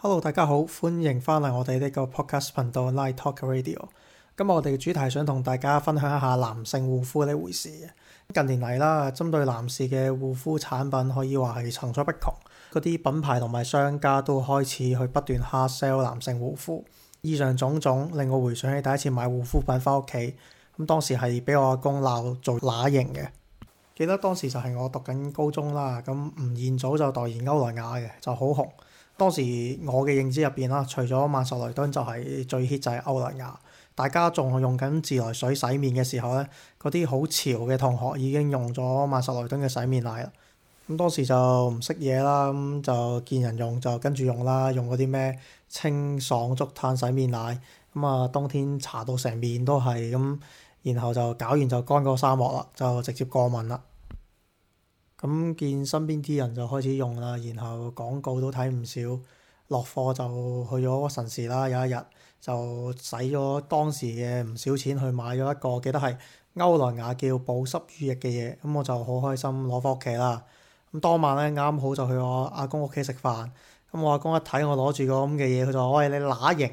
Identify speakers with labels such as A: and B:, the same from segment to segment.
A: hello，大家好，歡迎翻嚟我哋呢個 podcast 頻道 Live Talk Radio。今日我哋嘅主題想同大家分享一下男性護膚呢回事。近年嚟啦，針對男士嘅護膚產品可以話係層出不窮，嗰啲品牌同埋商家都開始去不斷 hard sell 男性護膚。以上種種令我回想起第一次買護膚品翻屋企，咁當時係俾我阿公鬧做乸型嘅。記得當時就係我讀緊高中啦，咁吳彥祖就代言歐萊雅嘅，就好紅。當時我嘅認知入邊啦，除咗曼秀雷敦就係最 hit 就係歐萊雅。大家仲用緊自來水洗面嘅時候咧，嗰啲好潮嘅同學已經用咗曼秀雷敦嘅洗面奶啦。咁當時就唔識嘢啦，咁就見人用就跟住用啦。用嗰啲咩清爽竹炭洗面奶，咁啊冬天搽到成面都係咁，然後就搞完就乾過沙漠啦，就直接過敏啦。咁見身邊啲人就開始用啦，然後廣告都睇唔少，落貨就去咗屈臣氏啦。有一日就使咗當時嘅唔少錢去買咗一個，記得係歐萊雅叫保濕乳液嘅嘢。咁我就好開心攞翻屋企啦。咁當晚咧，啱好就去我阿公屋企食飯。咁我阿公一睇我攞住個咁嘅嘢，佢就話：喂，你乸型！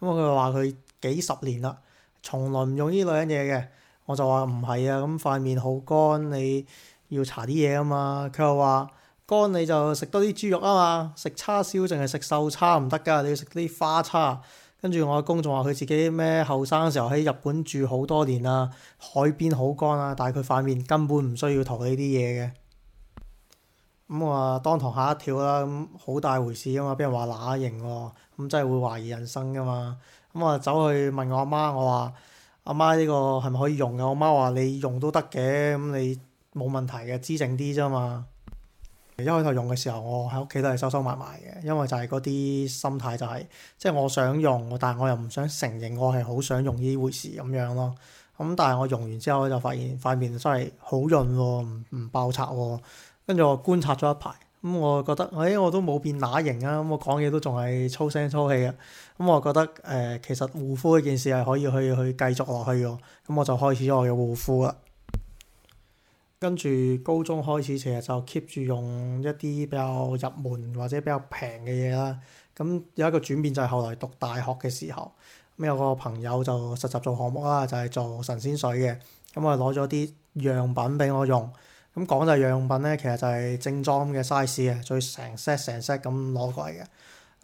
A: 咁佢話佢幾十年啦，從來唔用呢類樣嘢嘅。我就話唔係啊，咁塊面好乾你。要搽啲嘢啊嘛！佢又話乾你就食多啲豬肉啊嘛，食叉燒淨係食瘦叉唔得㗎，你要食啲花叉。跟住我阿公仲話佢自己咩後生嘅時候喺日本住好多年啦、啊，海邊好乾啊，但係佢塊面根本唔需要塗呢啲嘢嘅。咁、嗯、我話當堂嚇一跳啦，咁、嗯、好大回事啊嘛！俾人話乸型喎，咁、嗯、真係會懷疑人生㗎嘛！咁、嗯、我就走去問我阿媽，我話阿媽，呢個係咪可以用嘅？我媽話你用都得嘅，咁、嗯、你。冇問題嘅，滋正啲咋嘛？一開頭用嘅時候，我喺屋企都係收收埋埋嘅，因為就係嗰啲心態就係、是，即、就、係、是、我想用，但係我又唔想承認我係好想用呢回事咁樣咯。咁但係我用完之後，就發現塊面真係好潤喎、哦，唔唔爆拆喎、哦。跟住我觀察咗一排，咁我覺得，哎，我都冇變乸型啊，咁我講嘢都仲係粗聲粗氣啊。咁、嗯、我覺得，誒、呃，其實護膚呢件事係可以去去繼續落去嘅。咁、嗯、我就開始咗我嘅護膚啦。跟住高中開始，其實就 keep 住用一啲比較入門或者比較平嘅嘢啦。咁有一個轉變就係後來讀大學嘅時候，咁有個朋友就實習做項目啦，就係、是、做神仙水嘅。咁我攞咗啲樣品俾我用。咁講就係樣品咧，其實就係正裝嘅 size 嘅，要成 set 成 set 咁攞過嚟嘅。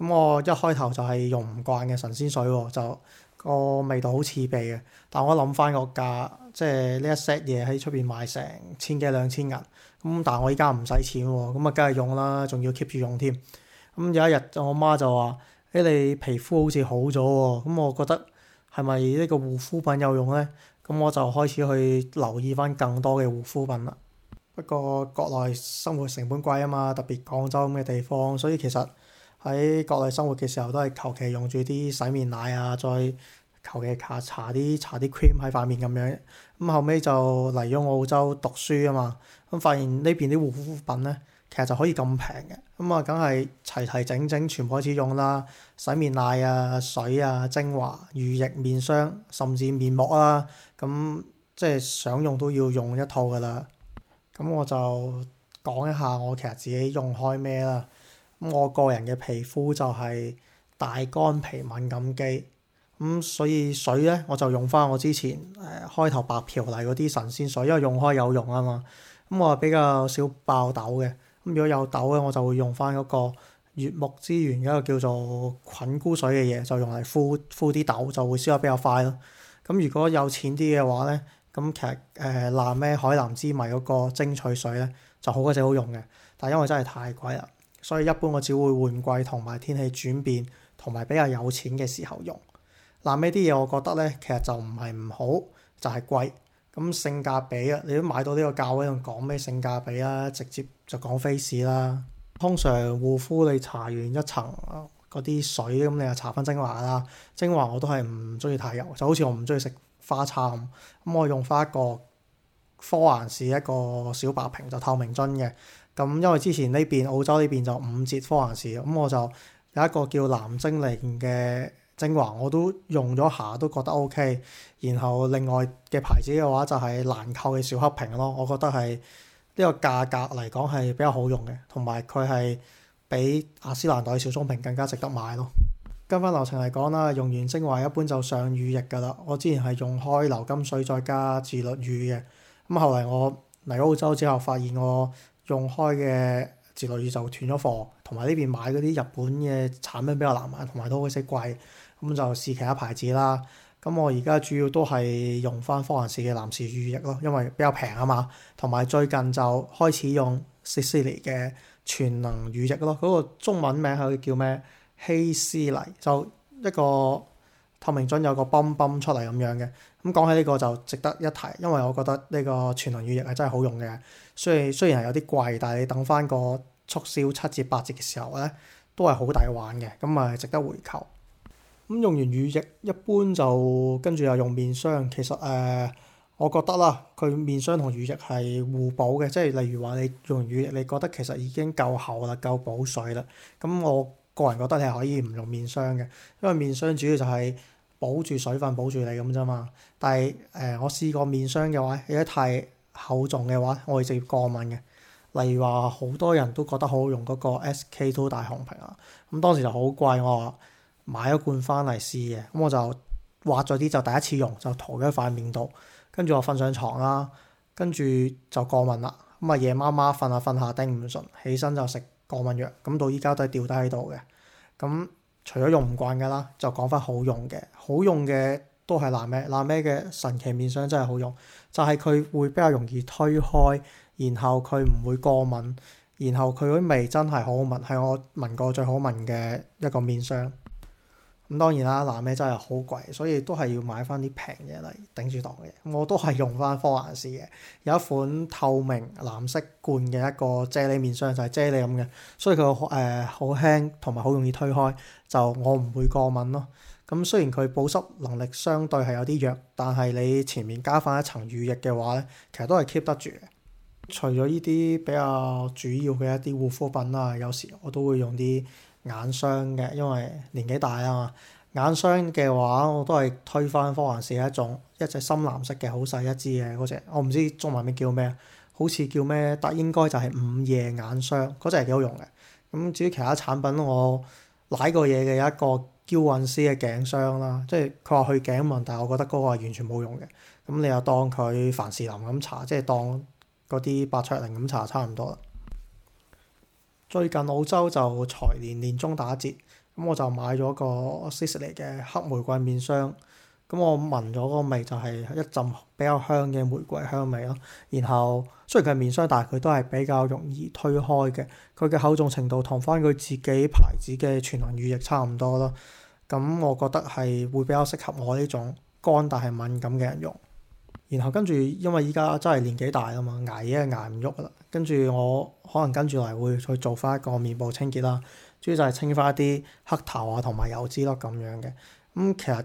A: 咁我一開頭就係用唔慣嘅神仙水喎、哦，就個味道好刺鼻嘅。但我諗翻個價，即係呢一 set 嘢喺出邊賣成千幾兩千銀。咁但係我依家唔使錢喎、哦，咁啊梗係用啦，仲要 keep 住用添。咁有一日我媽就話：誒、欸、你皮膚好似好咗喎。咁我覺得係咪呢個護膚品有用咧？咁我就開始去留意翻更多嘅護膚品啦。不過國內生活成本貴啊嘛，特別廣州咁嘅地方，所以其實～喺國內生活嘅時候，都係求其用住啲洗面奶啊，再求其搽搽啲 cream 喺塊面咁樣。咁後尾就嚟咗澳洲讀書啊嘛，咁發現呢邊啲護膚品咧，其實就可以咁平嘅。咁啊，梗係齊齊整整，整全部開始用啦。洗面奶啊、水啊、精華、乳液、面霜，甚至面膜啦啊。咁即係想用都要用一套噶啦。咁我就講一下我其實自己用開咩啦。咁我個人嘅皮膚就係大乾皮敏感肌，咁、嗯、所以水咧我就用翻我之前誒、呃、開頭白嫖嚟嗰啲神仙水，因為用開有用啊嘛。咁、嗯、我比較少爆痘嘅，咁、嗯、如果有痘咧，我就會用翻嗰個悅木之源嗰個叫做菌菇水嘅嘢，就用嚟敷敷啲痘，就會消得比較快咯。咁、嗯、如果有錢啲嘅話咧，咁、嗯、其實誒藍咩海南之迷海藍之謎嗰個精萃水咧就好鬼死好用嘅，但因為真係太貴啦。所以一般我只會換季同埋天氣轉變同埋比較有錢嘅時候用。嗱、啊，呢啲嘢我覺得咧，其實就唔係唔好，就係、是、貴。咁、嗯、性價比啊，你都買到呢個價位，仲講咩性價比啊？直接就講 face 啦。通常護膚你搽完一層嗰啲水，咁你就搽翻精華啦。精華我都係唔中意太油，就好似我唔中意食花茶咁。咁、嗯、我用翻一個科顏氏一個小白瓶就透明樽嘅。咁因為之前呢邊澳洲呢邊就五折科顏氏咁，我就有一個叫藍精靈嘅精華，我都用咗下，都覺得 OK。然後另外嘅牌子嘅話就係蘭蔻嘅小黑瓶咯，我覺得係呢個價格嚟講係比較好用嘅，同埋佢係比雅詩蘭黛小棕瓶更加值得買咯。跟翻流程嚟講啦，用完精華一般就上乳液噶啦。我之前係用開流金水再加自律乳嘅，咁後嚟我嚟澳洲之後發現我。用開嘅自露乳就斷咗貨，同埋呢邊買嗰啲日本嘅產品比較難買，同埋都好似貴，咁就試其他牌子啦。咁我而家主要都係用翻科顏氏嘅男士乳液咯，因為比較平啊嘛。同埋最近就開始用希斯 y 嘅全能乳液咯，嗰、那個中文名係叫咩？希斯尼就一個。透明樽有個泵泵出嚟咁樣嘅，咁講起呢個就值得一提，因為我覺得呢個全能乳液係真係好用嘅。雖雖然係有啲貴，但係你等翻個促銷七折八折嘅時候咧，都係好抵玩嘅，咁咪值得回購。咁、嗯、用完乳液一般就跟住又用面霜。其實誒、呃，我覺得啦，佢面霜同乳液係互補嘅，即係例如話你用完乳液，你覺得其實已經夠厚啦、夠補水啦。咁我個人覺得你係可以唔用面霜嘅，因為面霜主要就係、是、～保住水分，保住你咁啫嘛。但係誒、呃，我試過面霜嘅話，如果太厚重嘅話，我會直接過敏嘅。例如話好多人都覺得好用嗰個 SK-II 大紅瓶啊，咁、嗯、當時就好貴，我買一罐翻嚟試嘅。咁、嗯、我就挖咗啲就第一次用，就塗咗塊面度，跟住我瞓上床啦，跟住就過敏啦。咁啊夜媽媽瞓下瞓下，頂唔順，起身就食過敏藥。咁到依家都係掉低喺度嘅。咁、嗯除咗用唔慣㗎啦，就講翻好用嘅。好用嘅都係蘭咩，蘭咩嘅神奇面霜真係好用。就係佢會比較容易推開，然後佢唔會過敏，然後佢嗰味真係好好聞，係我聞過最好聞嘅一個面霜。咁當然啦，藍咩真係好貴，所以都係要買翻啲平嘢嚟頂住檔嘅。我都係用翻科顏氏嘅，有一款透明藍色罐嘅一個啫喱面霜，就係、是、啫喱咁嘅，所以佢誒好輕同埋好容易推開，就我唔會過敏咯。咁雖然佢保濕能力相對係有啲弱，但係你前面加翻一層乳液嘅話咧，其實都係 keep 得住嘅。除咗依啲比較主要嘅一啲護膚品啊，有時我都會用啲。眼霜嘅，因為年紀大啊嘛。眼霜嘅話，我都係推翻科顏氏一種，一隻深藍色嘅，好細一支嘅嗰隻。我唔知中文名叫咩，好似叫咩，但應該就係午夜眼霜嗰隻係幾好用嘅。咁至於其他產品，我買過嘢嘅有一個嬌韻詩嘅頸霜啦，即係佢話去頸紋，但係我覺得嗰個係完全冇用嘅。咁你又當佢凡士林咁搽，即係當嗰啲百雀羚咁搽差唔多啦。最近澳洲就財年年中打折，咁我就買咗個 Sisley 嘅黑玫瑰面霜。咁我聞咗個味就係一陣比較香嘅玫瑰香味咯。然後雖然佢係面霜，但係佢都係比較容易推開嘅。佢嘅厚重程度同返佢自己牌子嘅全能乳液差唔多咯。咁我覺得係會比較適合我呢種乾但係敏感嘅人用。然後跟住，因為依家真係年紀大啦嘛，捱嘢係捱唔喐啦。跟住我可能跟住嚟會去做翻一個面部清潔啦，主要就係清翻一啲黑頭啊同埋油脂咯、啊、咁樣嘅。咁、嗯、其實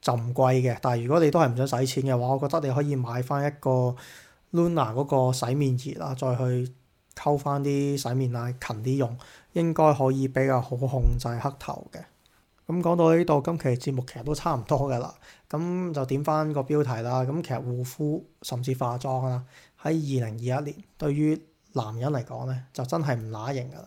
A: 就唔貴嘅，但係如果你都係唔想使錢嘅話，我覺得你可以買翻一個 Luna 嗰個洗面儀啦，再去溝翻啲洗面奶勤啲用，應該可以比較好控制黑頭嘅。咁講到呢度，今期節目其實都差唔多㗎喇。咁就點返個標題啦。咁其實護膚甚至化妝啦，喺二零二一年對於男人嚟講咧，就真係唔乸型㗎喇。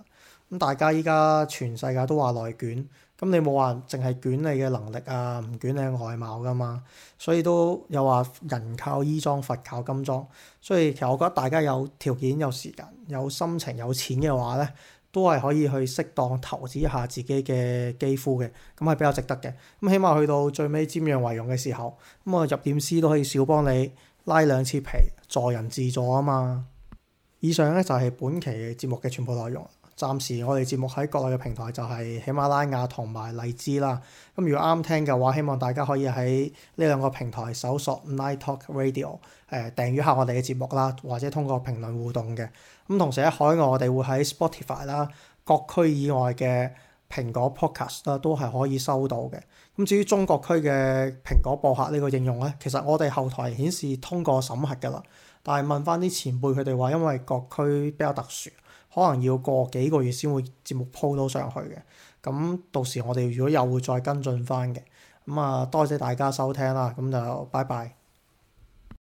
A: 咁大家依家全世界都話內卷，咁你冇話淨係捲你嘅能力啊，唔捲你嘅外貌㗎嘛。所以都有話人靠衣裝，佛靠金裝。所以其實我覺得大家有條件、有時間、有心情、有錢嘅話咧～都係可以去適當投資一下自己嘅肌膚嘅，咁係比較值得嘅。咁起碼去到最尾瞻仰遺容嘅時候，咁啊入殮師都可以少幫你拉兩次皮，助人自助啊嘛。以上咧就係、是、本期嘅節目嘅全部內容。暫時我哋節目喺國內嘅平台就係喜馬拉雅同埋荔枝啦。咁如果啱聽嘅話，希望大家可以喺呢兩個平台搜索 Night Talk Radio，誒訂閱下我哋嘅節目啦，或者通過評論互動嘅。咁同時喺海外我哋會喺 Spotify 啦、各區以外嘅蘋果 Podcast 啦都係可以收到嘅。咁至於中國區嘅蘋果播客呢個應用咧，其實我哋後台顯示通過審核㗎啦，但係問翻啲前輩佢哋話因為各區比較特殊。可能要過幾個月先會節目鋪到上去嘅，咁到時我哋如果又會再跟進返嘅，咁啊，多謝大家收聽啦，咁就拜拜。